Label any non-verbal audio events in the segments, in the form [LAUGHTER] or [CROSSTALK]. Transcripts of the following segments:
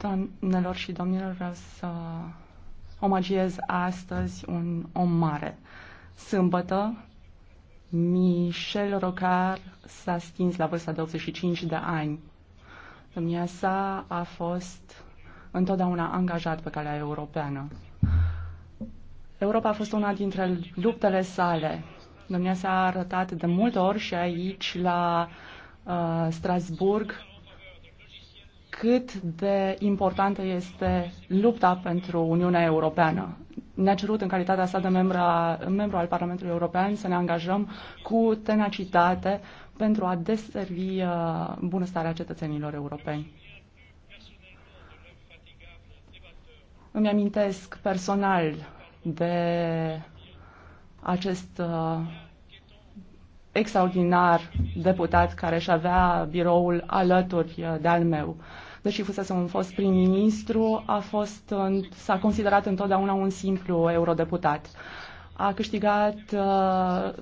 Doamnelor și domnilor, vreau să omagiez astăzi un om mare. Sâmbătă, Michel Rocard s-a stins la vârsta de 85 de ani. Domnia sa a fost întotdeauna angajat pe calea europeană. Europa a fost una dintre luptele sale. Domnia s-a arătat de multe ori și aici la Uh, Strasburg cât de importantă este lupta pentru Uniunea Europeană. Ne-a cerut în calitatea sa de membra, membru al Parlamentului European să ne angajăm cu tenacitate pentru a deservi uh, bunăstarea cetățenilor europeni. Îmi amintesc personal de acest uh, extraordinar deputat care își avea biroul alături uh, de al meu. Deși fusese un fost prim-ministru, a fost, uh, s-a considerat întotdeauna un simplu eurodeputat. A câștigat uh,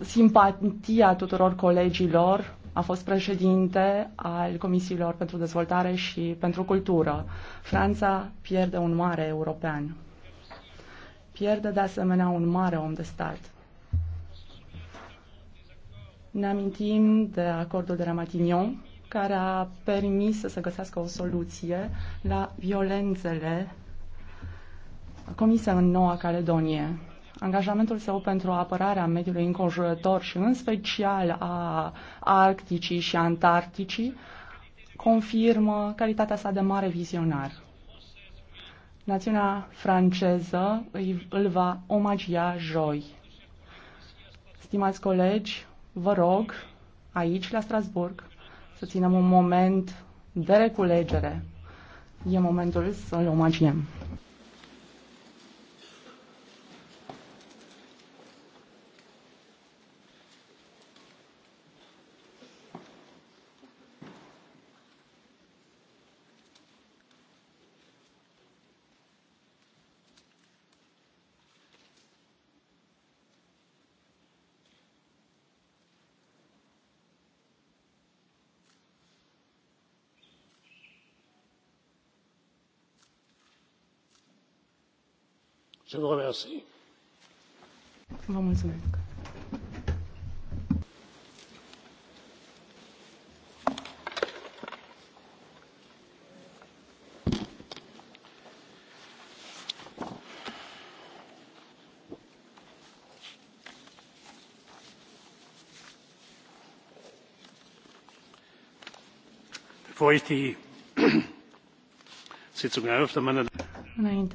simpatia tuturor colegilor, a fost președinte al Comisiilor pentru Dezvoltare și pentru Cultură. Franța pierde un mare european. Pierde de asemenea un mare om de stat. Ne amintim de acordul de la Matignon, care a permis să se găsească o soluție la violențele comise în Noua Caledonie. Angajamentul său pentru apărarea mediului înconjurător și în special a Arcticii și Antarcticii confirmă calitatea sa de mare vizionar. Națiunea franceză îl va omagia joi. Stimați colegi, vă rog, aici, la Strasburg, să ținem un moment de reculegere. E momentul să-l omagiem. Vă mulțumesc. bevor ich die [CLEARS THROAT] sitzung eröffne meine